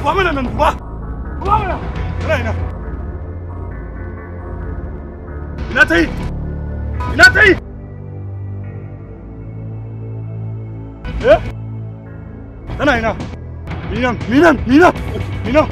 Duba mana nan duba. Duba mana. Ina ina. Ina ta Ina ta Eh? Tana ina. Minan, minan, minan,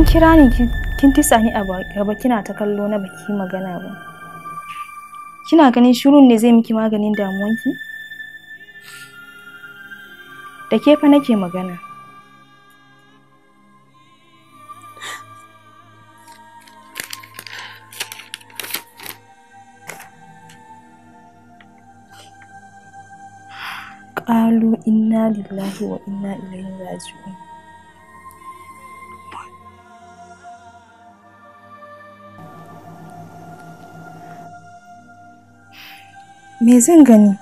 kin kira ni kin tisa ni a gaba kina ta kallo na baki magana ba kina ganin shirun ne zai miki maganin damuwanki da ke fa nake magana qalu inna lillahi wa inna ilaihi raji'un me zan gani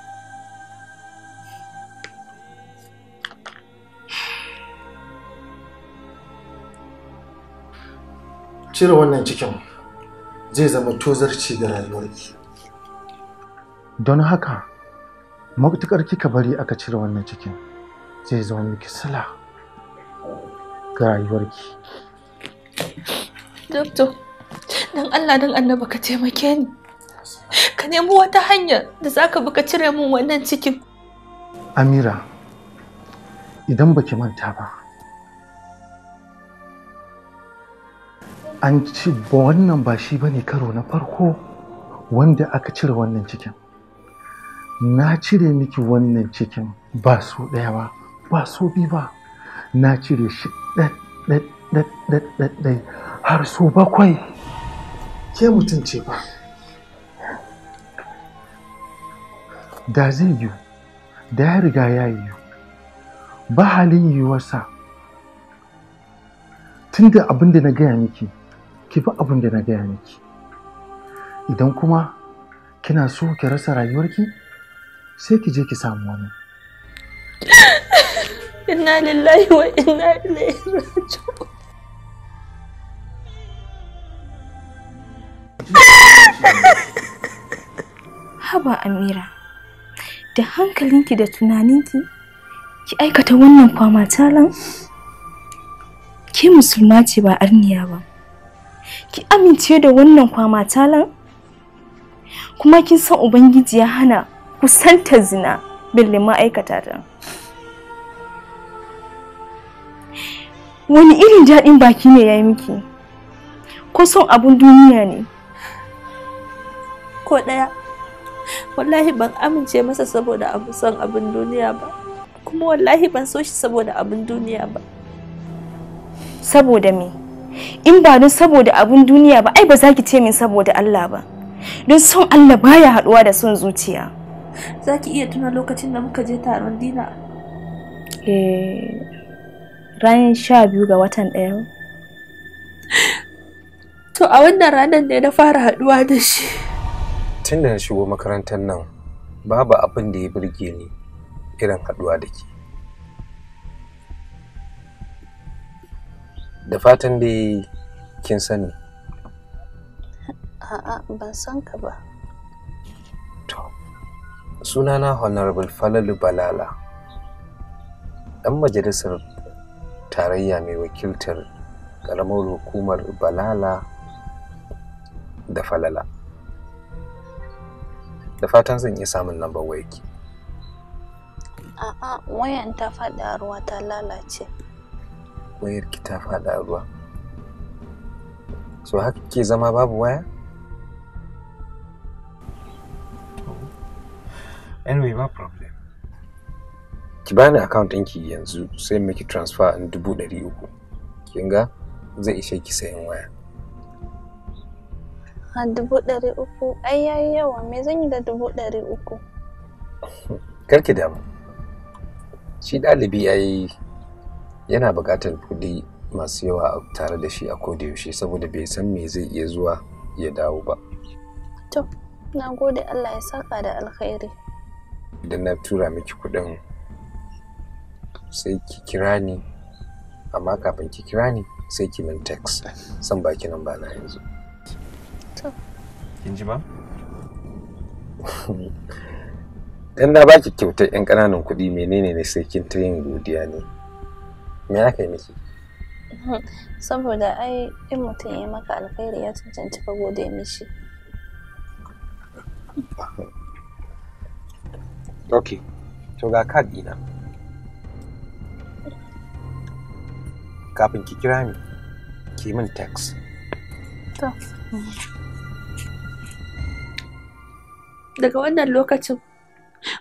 cire wannan cikin zai zama tozarci ga rayuwarki don haka matuƙar kika bari aka cire wannan cikin zai zama miki sala ga rayuwarki Doktor, don Allah don annaba ka taimake ni. ka nemi wata hanya da za ka buka cire min wannan cikin amira idan baki manta ba an ci ba wannan ba shi ba ne karo na farko wanda aka cire wannan cikin na cire miki wannan cikin ba su ɗaya ba ba su bi ba na cire shi ɗaɗɗaɗɗaɗɗai har su bakwai ke mutum ce ba da zai yiwu da ya riga ya yiwu ba halin yiwuwarsa tun da abin da na gaya miki ki bi abin da na gaya miki idan kuma kina so ki rasa rayuwarki sai ki je ki samu wani inna lillahi wa inna ilaihi raji'un haba amira da hankalinki da tunaninki ki aikata wannan kwama talan ki musulma ce ba arniya ba ki amince da wannan kwama talan kuma kin san ubangiji ya hana kusanta zina ma ma'aikata ta wani irin daɗin baki ne ya yi miki ko son abun duniya ne ko ɗaya wallahi ban amince masa saboda abu son abin duniya ba kuma wallahi ban so shi saboda abin duniya ba saboda me in ba don saboda abin duniya ba ai ba za ki ce min saboda Allah ba don son Allah baya haduwa da son zuciya za ki iya tuna lokacin da muka je taron dina eh ran sha biyu ga watan ɗaya to a wannan ranar ne na fara haduwa da shi tun da na shigo makarantar nan babu abin da ya burge ni irin haɗuwa da ke da fatan dai kin sani a'a ban san ka ba to sunana honorable falalu balala ɗan majalisar tarayya mai wakiltar ƙaramar hukumar balala da falala da fatan zan iya samun lambar wayarki a'a wayan ta faɗi ruwa ta lalace wayarki ta faɗa ruwa so haka ke zama babu waya anyway ba problem ki bani account ɗinki yanzu sai miki transfer in dubu ɗari uku kin zai ishe ki sayan waya a dubu ɗari uku ai yayi yawa me zan yi da dubu ɗari uku karki damu shi ɗalibi yayi yana buƙatar kuɗi masu yawa tare da shi a yaushe saboda bai san me zai iya zuwa ya dawo ba to na gode allah ya saka da alkhairi idan na tura miki kuɗin sai ki kira ni amma kafin ki kira ni sai ki min text san baki nan ba na yanzu ta. Kin ji ba? Dan na baki kyauta 'yan ƙananan kuɗi menene ne sai kin ta yin godiya ne. Me aka yi miki? Saboda ai in mutum ya maka alkhairi ya cancanci ka gode mishi. Ok, to ga kad dina Kafin ki kira ni, ki min text. To. daga wannan lokacin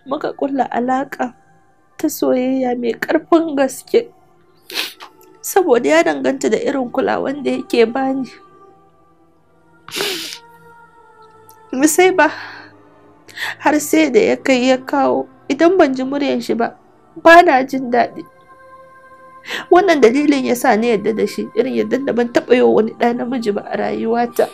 muka kulla alaƙa ta soyayya mai karfin gaske saboda ya danganta da irin kulawan da yake bani sai ba har sai da ya kai ya kawo idan ban ji muryan shi ba ba na jin daɗi wannan dalilin ya sa ni yadda da shi irin yadda da ban taɓa yi wani ɗa namiji ba a rayuwata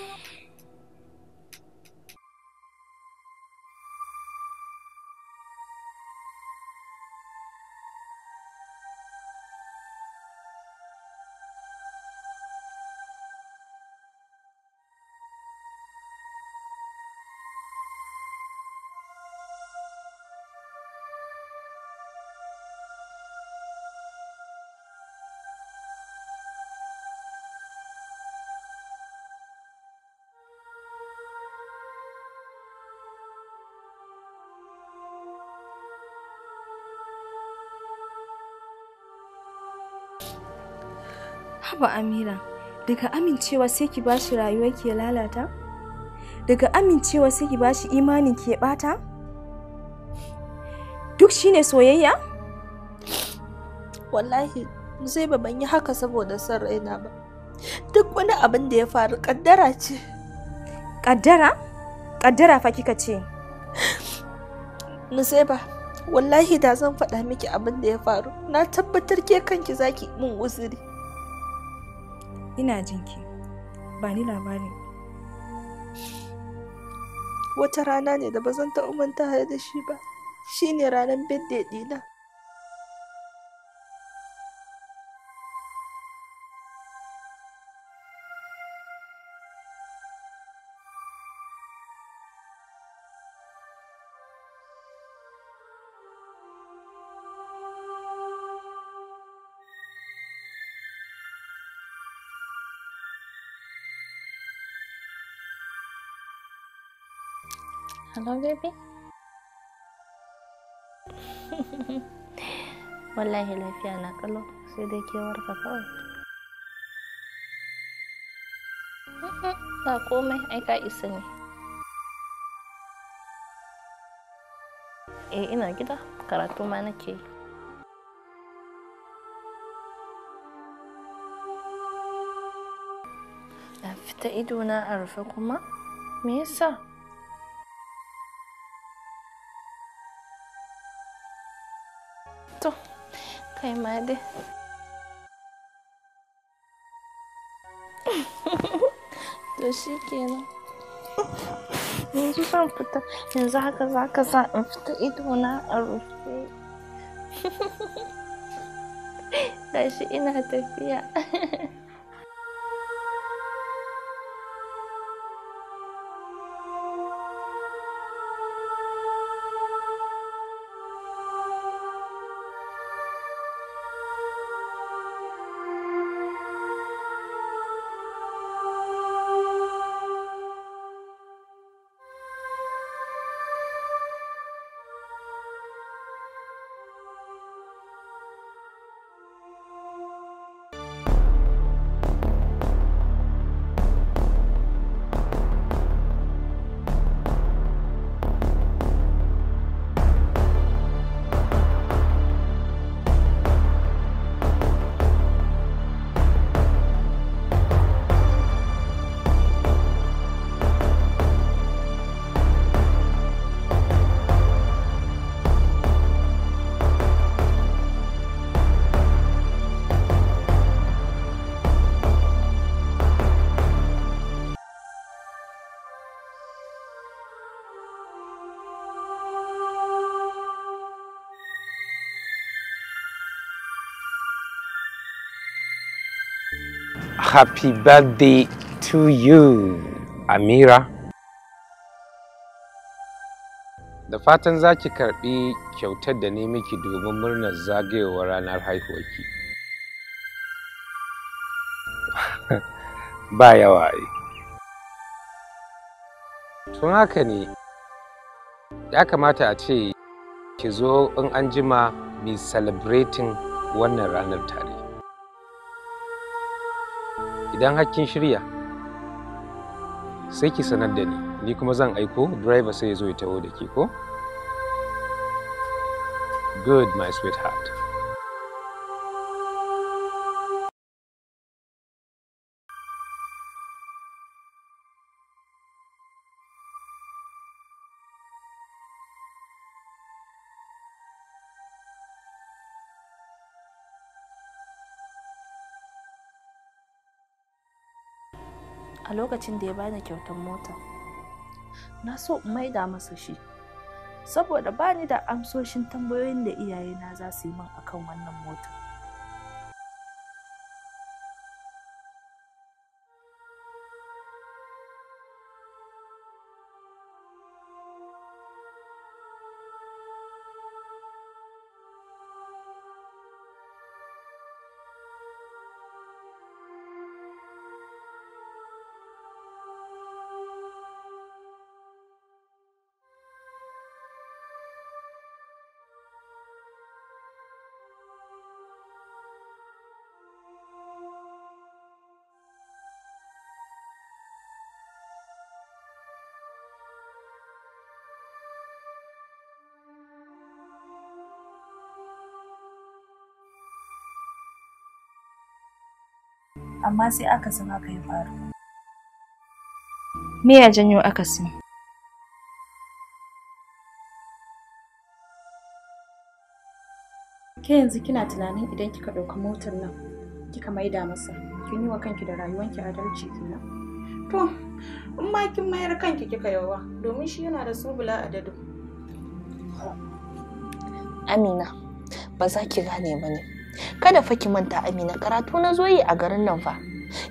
haba amira daga amincewa sai ki bashi rayuwa ke lalata daga amincewa sai ki bashi imanin ke bata duk shine soyayya wallahi zai ba yi haka saboda son raina ba duk wani abin da ya faru kaddara ce kaddara kaddara fa kika ce Nuseba, wallahi da zan faɗa miki abin da ya faru na tabbatar ke kanki zaki min uzuri ina jinki ba ni labarin wata rana ne da ba zan taɓa manta da shi ba shine ranar birthday dina. Hello, baby. Wallahi lafiya na kalo sai dai ke warka kawai. Ba komai ai ka isa ne. Eh ina gida karatu ma nake yi. fita idona a rufe kuma? Me yasa? kaimadı. to shi zan fita, yanzu haka za ka sa in fita idona a rufe. ina tafiya. Happy birthday to you, Amira. Da fatan za ki karɓi kyautar da ne miki domin murnar zagayowar ranar haihuwarki. ba yawa ai. Tun haka ne, ya kamata a ce ki zo in an jima mi celebrating wannan ranar tare. idan hakkin shirya sai ki sanar da ni ni kuma zan aiko driver sai ya zo ya taho da ke ko good my sweetheart lokacin da ya bani kyautar mota na so in maida masa shi saboda bani da amsoshin tambayoyin da iyayena za su yi min akan wannan mota. amma sai akasin haka ya faru. Me ya janyo akasin? Ke yanzu kina tunanin idan kika ɗauki motar nan kika maida masa kin yi wa kanki da rayuwanki adalci kenan. To, in ma kin mayar kanki kika yawa domin shi yana da subula adadu. Amina, ba za ki gane ba ne. kada fa ki manta amina karatu na zo yi a garin nan fa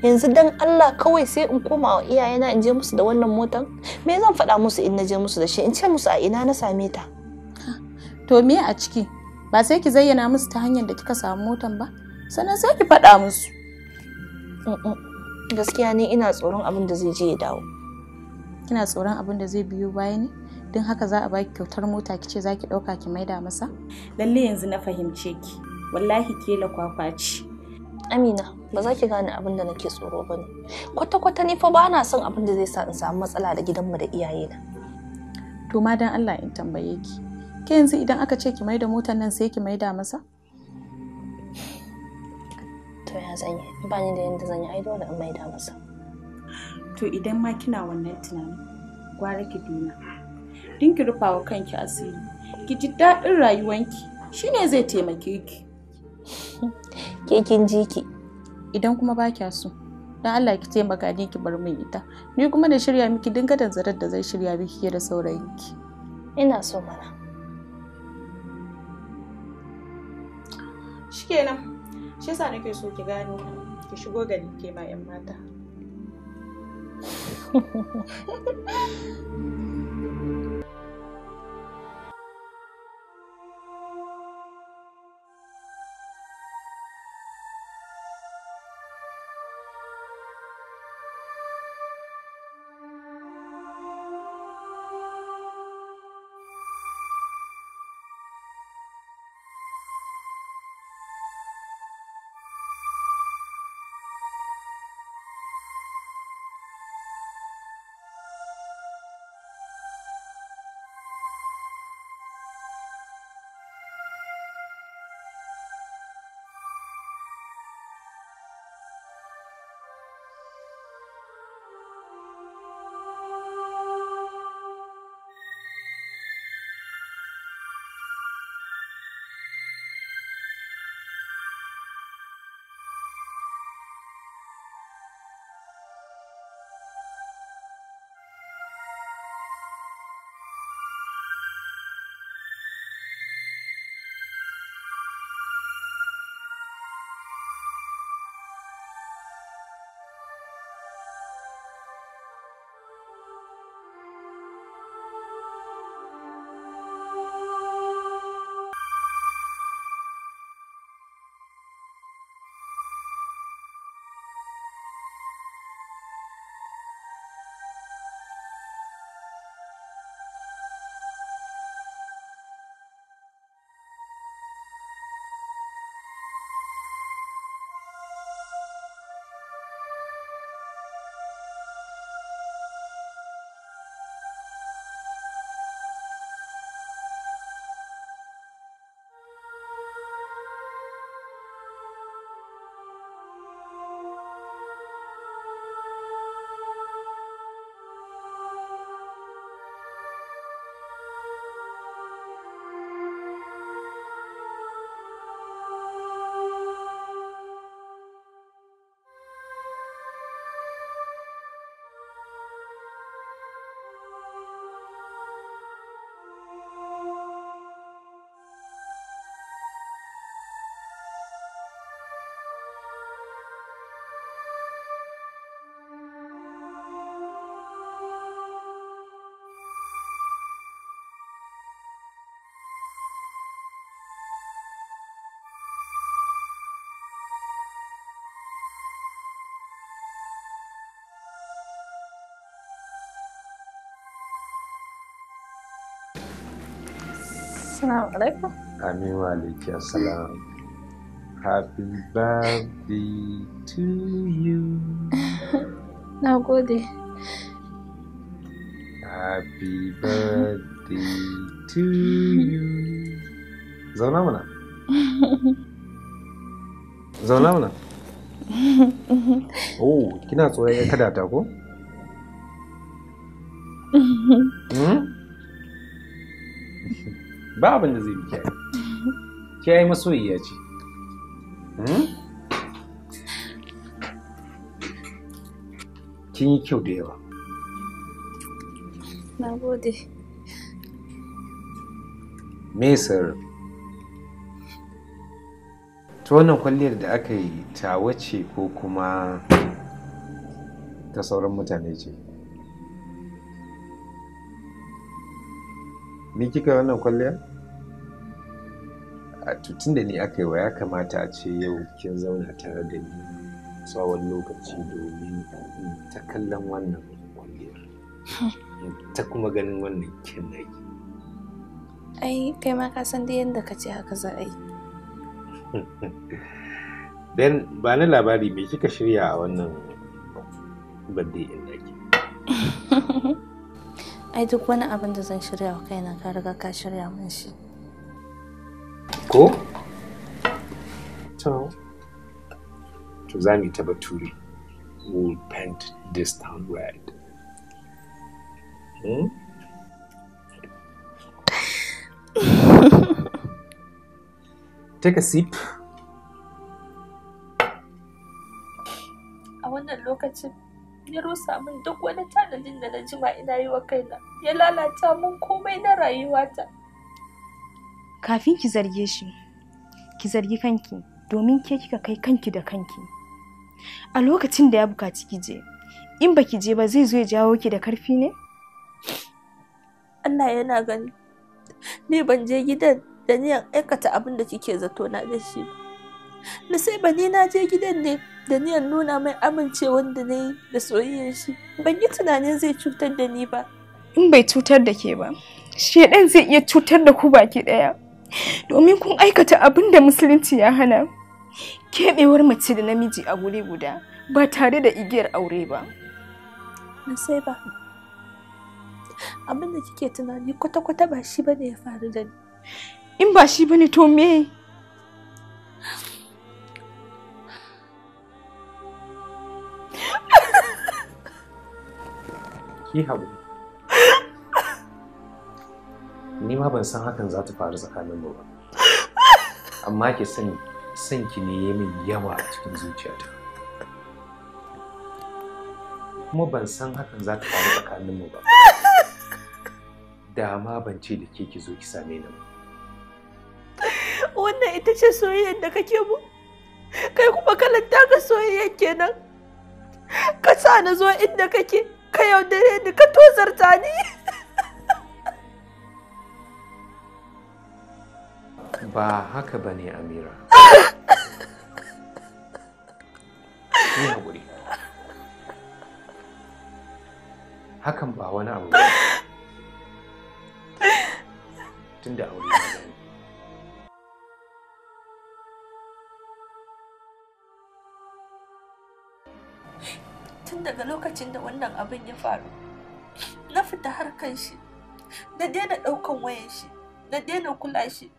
yanzu dan Allah kawai sai in koma wa iyayena in je musu da wannan motan me zan faɗa musu in na je musu da shi in ce musu a ina na same ta to me a ciki ba sai ki zayyana musu ta hanyar da kika samu motan ba sannan sai ki faɗa musu gaskiya ne ina tsoron abin da zai je ya dawo kina tsoron abin da zai biyo baya ne don haka za a baki kyautar mota kice za ki ɗauka ki maida masa lalle yanzu na fahimce ki wallahi kela kwakwa ce amina ba za ki gane abin da nake tsoro ba ne kwata-kwata ni fa ba na son abin da zai sa in samu matsala da gidanmu da iyayena to ma dan allah in tambaye ki ke yanzu idan aka ce ki maida motar nan sai ki maida masa to ya zan yi ba ni da yadda zan yi ai dole in maida masa to idan ma kina wannan tunanin gwara ki dina dinki rufawa kanki asiri ki ji daɗin rayuwanki shine zai taimake ki ke kin ji ki idan kuma ba kya so dan Allah ki taimaka ni ki bar min ita ni kuma da shirya miki dinga da zarar da zai shirya miki da saurayinki ina so mana shikenan shi yasa nake so ki gano ki shigo gari ke ma yan mata Assalamu alaikum. Amin wa alaiki assalam. Happy birthday to you. Na gode. Happy birthday to you. Zauna mana. Zauna mana. Oh, kina tsoron kada ta ko? Hmm? ba abin da zai yi kyai kyai masoyiya ce hmm? kin yi kyau da yawa na gode me ta wannan kwalliyar da aka yi ta wace ko kuma ta sauran mutane ce me kika wannan kwalliyar tun da ni aka yi wa ya kamata a ce yau kin zauna tare da ni tsawon lokaci domin ta kallon wannan kwalliyar ta kuma ganin wannan kin ai kai ma ka san da yadda ka ce haka za a yi dan ba na labari me kika shirya a wannan birthday din naki ai duk wani abin da zan shirya wa kaina ka riga ka shirya min shi ko to to za mu yi ta bature We'll paint this town red hmm? take a sip a wannan lokacin ya rusa min duk wani tanadin da na jima ina yi wa kaina ya lalata min komai na rayuwata kafin ki zarge shi ki zargi kanki domin ke kika kai kanki da kanki a lokacin da ya bukaci ki je in baki je ba zai zo ya jawo ki da karfi ne Allah yana gani ni ban je gidan da niyan aikata abin da kike zato na da shi ba na sai ba ni na je gidan ne da niyan nuna mai amince da ne da soyayyar shi ban yi tunanin zai cutar da ni ba in bai cutar da ke ba shedan zai iya cutar da ku baki daya domin kun aikata abin da musulunci ya hana keɓewar mace da namiji a guri guda ba tare da igiyar aure ba sai ba abin da kike tunani kwata-kwata ba shi bane ya faru da ni in ba shi bane to me ki haɓu. ni ma ban san hakan za ta faru tsakanin mu ba amma ki san san ki ne ya min yawa a cikin zuciyata kuma ban san hakan za ta faru tsakanin mu ba da ma ban ce da ke ki zo ki same ni ba wannan ita ce soyayyar da kake mu kai kuma kalanta ka soyayyar kenan ka sa na zo inda kake ka yaudare ni ka tozarta ni ba haka ba ne amira ni haƙuri hakan ba wani abu ba tun da aure tun daga lokacin da wannan abin ya faru na fita harkan shi na daina ɗaukan wayan shi na daina kula shi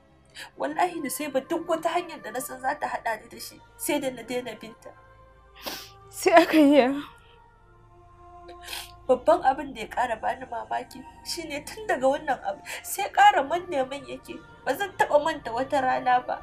wallahi na sai ba duk wata hanyar da na san za ta haɗa ni da shi sai da na daina binta sai aka yi ya babban abin da ya ƙara bani mamaki shine tun daga wannan abu sai ƙara manne man yake ba zan taɓa manta wata rana ba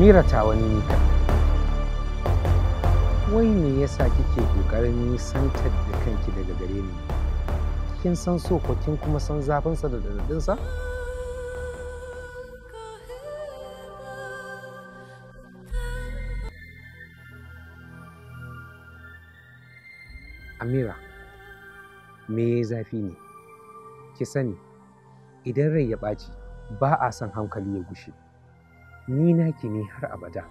Amira ta wani ne Wai me yasa kike ƙoƙarin nisantar da kanki daga gare ni? Kin san so ko kin kuma san zafinsa da daɗaɗinsa? Amira, me zafi ne? Ki sani, idan rai ya ɓaci, ba a son hankali ya gushe. ni naki ne har abada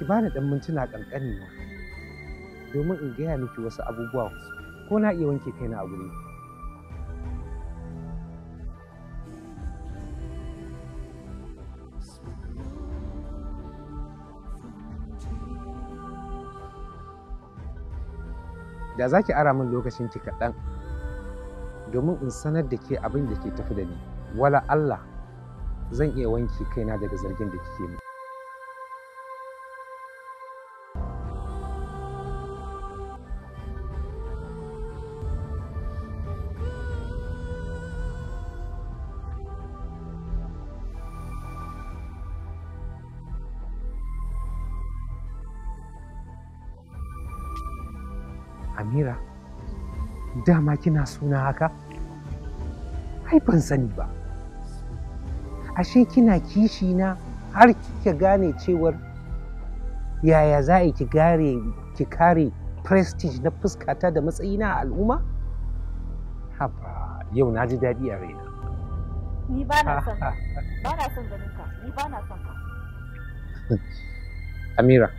ki bani dan mintuna kankani na domin in gaya miki wasu abubuwa ko na iya wanke kaina a guri da za ki ara min lokacin ki kaɗan domin in sanar da ke abin da ke tafi da ni wala Allah zan iya wanke kaina daga zargin da kike min Amira, dama kina suna haka? Ai ban sani ba. ashe kina kishi na har kika gane cewar yaya za a ki gare ki kare prestige na fuskata da matsayina a al'umma haba yau na ji daɗi a raina ni ba na son ba na son ganin ka ni ba na son ka amira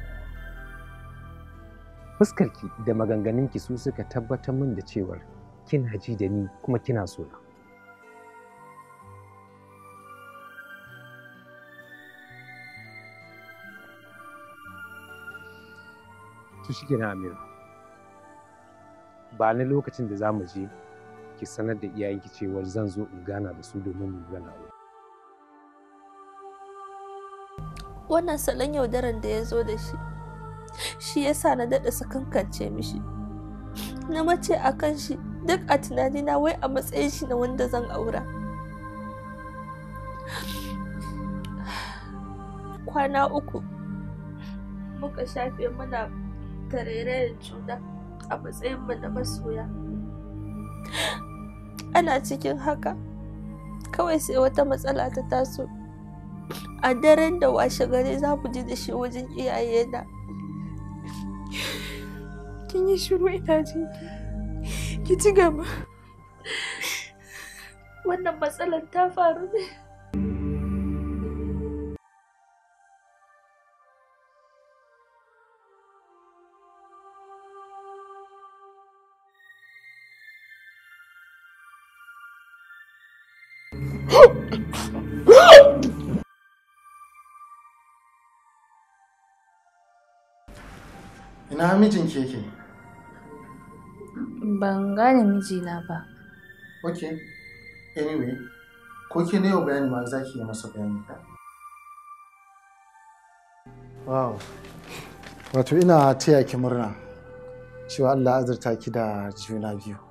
fuskarki da maganganunki su suka tabbatar min da cewar kina ji da ni kuma kina so na to shi kenan ba na lokacin da zamu je ki sanar da iyayenki cewar zan zo in gana da su domin mu gana wannan salon yaudaran da ya zo da shi shi ya sa na daɗa sakankance mishi na mace a kan shi duk a tunanina wai a matsayin shi na wanda zan aura kwana uku muka shafe muna tarairayar juna a matsayinmu na masoya ana cikin haka kawai sai wata matsala ta taso a daren da washe gari za mu ji da shi wajen iyayena kin yi shiru ina jinki ki ci gaba wannan matsalar ta faru ne Ina mijin keke? Ban gane mijina ba. Ok, anyway, ko ke ne yau bayani ma za ki yi masa bayani ka? Wow, wato ina taya ki murna cewa Allah azurta ki da juna biyu.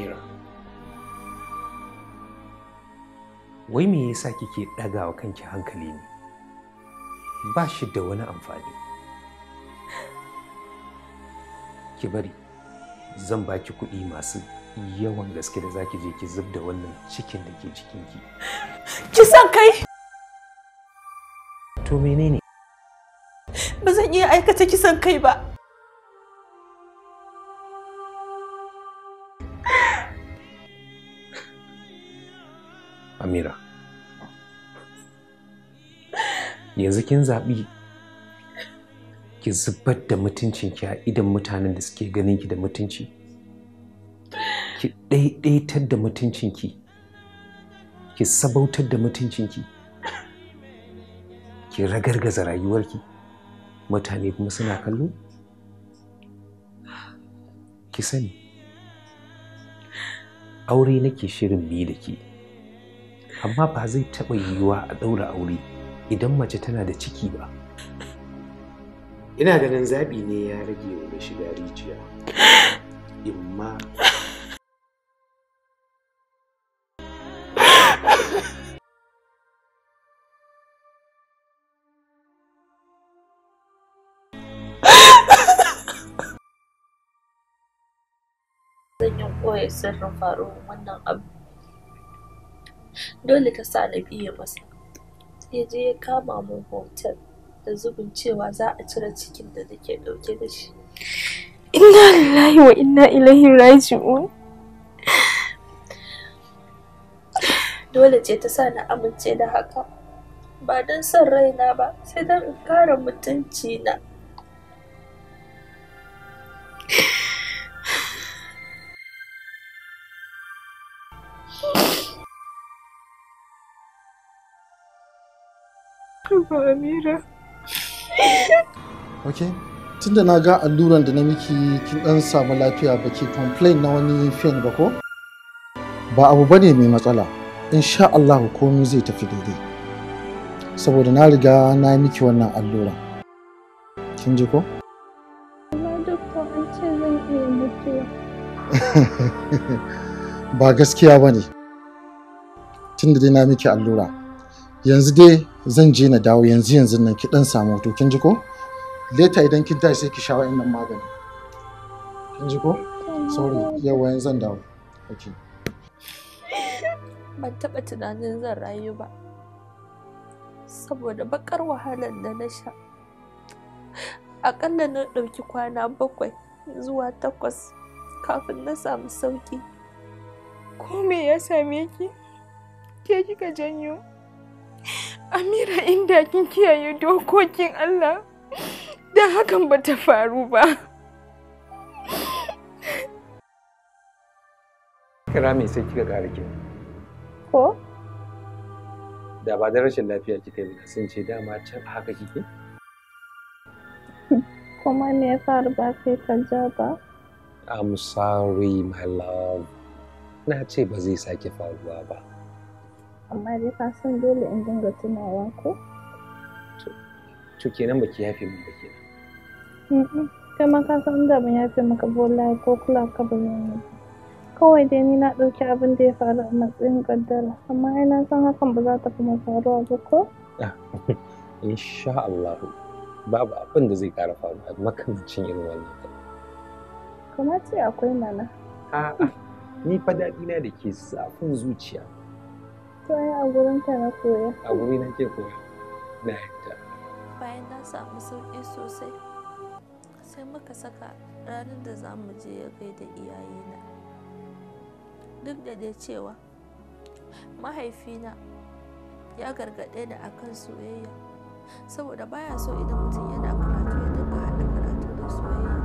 nera. Wai me yasa kike ɗagawa kanki hankali ne? Ba shi da wani amfani. Ki bari, zan baki kuɗi masu yawan gaske da zaki je ki zub da wannan cikin da ke jikinki. Ki san kai! To menene? Ba zan iya aikata kisan kai ba. Amira. Yanzu kin zaɓi ki zubar da mutuncinki a idan mutanen da suke ganin ki da mutunci. Ki ɗaiɗaitar da mutuncinki. Ki sabautar da mutuncinki. Ki ragargaza rayuwarki. Mutane kuma suna kallo? Ki sani. Aure nake shirin biyu da ke. amma ba zai taɓa yiwuwa a ɗaura aure idan mace tana da ciki ba ina ganin zaɓi ne ya rage wa shiga rijiya imma zan yi koya sirrin faruwar wannan abu dole ta sa na ya masa ya je ya kama mun hotel da zubin cewa za a cire cikin da nake dauke da shi inna lillahi wa inna ilaihi raji'un dole ce ta sa na amince da haka ba don son raina ba sai don in kara mutunci na ba mira. Ok. Tunda na ga alluran da na miki kin dan samu lafiya ba ke complain na wani fiyan ba ko? Ba abu ba ne mai matsala. Insha Allah komai zai tafi daidai. Saboda na riga na miki wannan allura. Kin ji ko? Na an ce zan iya mutuwa. ba gaskiya ba ne. Tunda dai na miki allura. yanzu dai zan je na dawo yanzu yanzu nan ki dan samu to kin ji ko leta idan kin tashi sai ki sha wa'annan magani kin ji ko sorry yawa yanzu zan dawo okay ban taɓa tunanin zan rayu ba saboda bakar wahalar da na sha akalla na ɗauki kwana bakwai zuwa takwas kafin na samu sauƙi ko me ya same ki ke kika janyo Amira inda kin kiyaye dokokin Allah da hakan ba ta faru ba. Kira mai sai kika ƙara ke. Ko? Da ba da rashin lafiya kika yi sun ce dama can haka kike? Kuma me ya faru ba sai ka ja ba? I'm sorry my love. Na ce ba zai sake faruwa ba. amma dai ka san dole in dinga tunawa ko to kenan baki yafe min ba kenan kai ma ka san da ban yafe maka bola ko kula ka ba ne kawai dai ni na ɗauki abin da ya faru a matsayin kaddara amma ai na san hakan ba za ta kuma faruwa ba ko ah, insha Allah babu abin da zai faru a makamancin irin wannan kamar ce akwai mana a'a ni fa dadi na da ke zafin zuciya to a gurin na koya a guri na ke koya na yadda bayan na samu sauƙi sosai sai muka saka ranar da za mu je ya kai da iyayena duk da dai cewa mahaifina ya gargaɗe ni akan soyayya saboda baya so idan mutum yana karatu ya dinga haɗa karatu da soyayya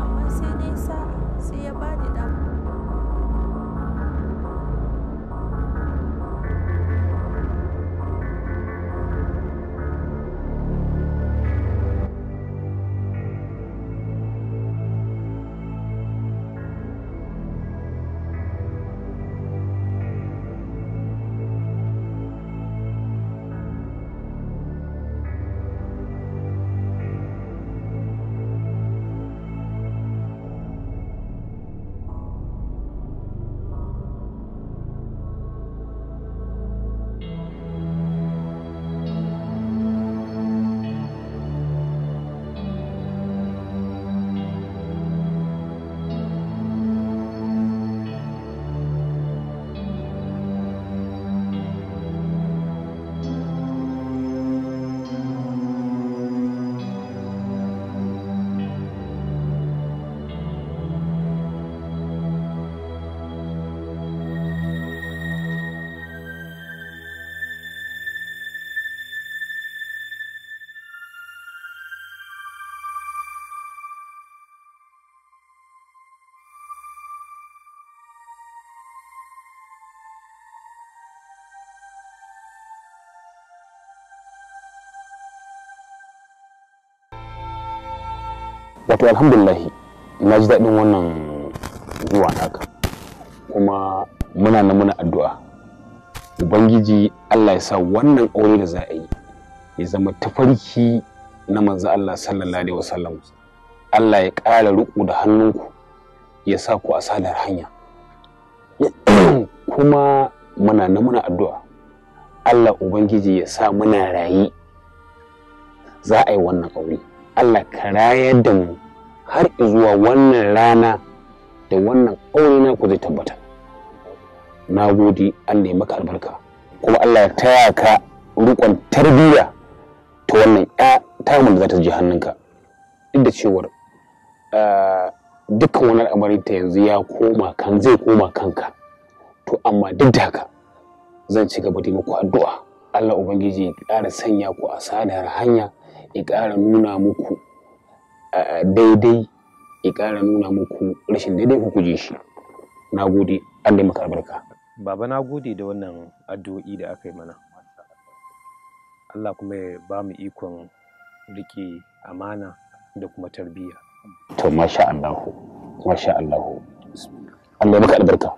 amma sai nisa sai ya bani da wato alhamdulillah na ji daɗin wannan zuwa naka kuma muna na muna addu'a ubangiji allah ya sa wannan aure da za a yi ya zama tafarki na manzo allah sallallahu alaihi wasallam allah ya ƙara riƙo da hannunku ya sa ku a sadar hanya kuma muna na muna addu'a allah ubangiji ya sa muna raye za a yi wannan aure Allah ka rayar da mu har zuwa wannan rana da wannan aure na ku zai tabbata na gode Allah ya maka albarka kuma Allah ya taya ka rukon tarbiyya ta wannan ya tamu da zata ta ji hannunka duk da cewar dukkan wani al'amari ta yanzu ya koma kan zai koma kanka to amma duk da haka zan ci gaba da muku addu'a Allah ubangiji ya ƙara sanya ku a sadar hanya ya ƙara nuna muku daidai ya ƙara nuna muku rashin daidai ku guje shi na gode allah maka albarka baba na gode da wannan addu'o'i da aka yi mana allah kuma ya ba mu ikon rike amana da kuma tarbiyya to masha allahu masha allahu allah maka albarka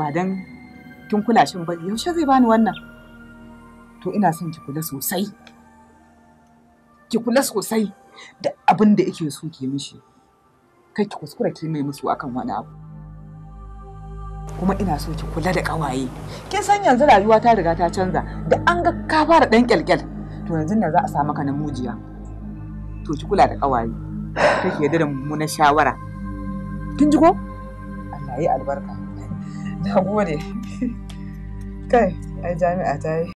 ba dan kin kula shin ba yaushe zai bani wannan to ina son ki kula sosai ki kula sosai da abin da yake so ki mishi kai ki kuskura ki mai musu akan wani abu kuma ina so ki kula da kawaye kin san yanzu rayuwa ta riga ta canza da an ga ka fara dan kyalkyal to yanzu nan za a sa maka namujiya to ki kula da kawaye kake da da mummunar shawara kin ji ko Allah ya albarka Na gode. Kai, ai jami'a ta yi.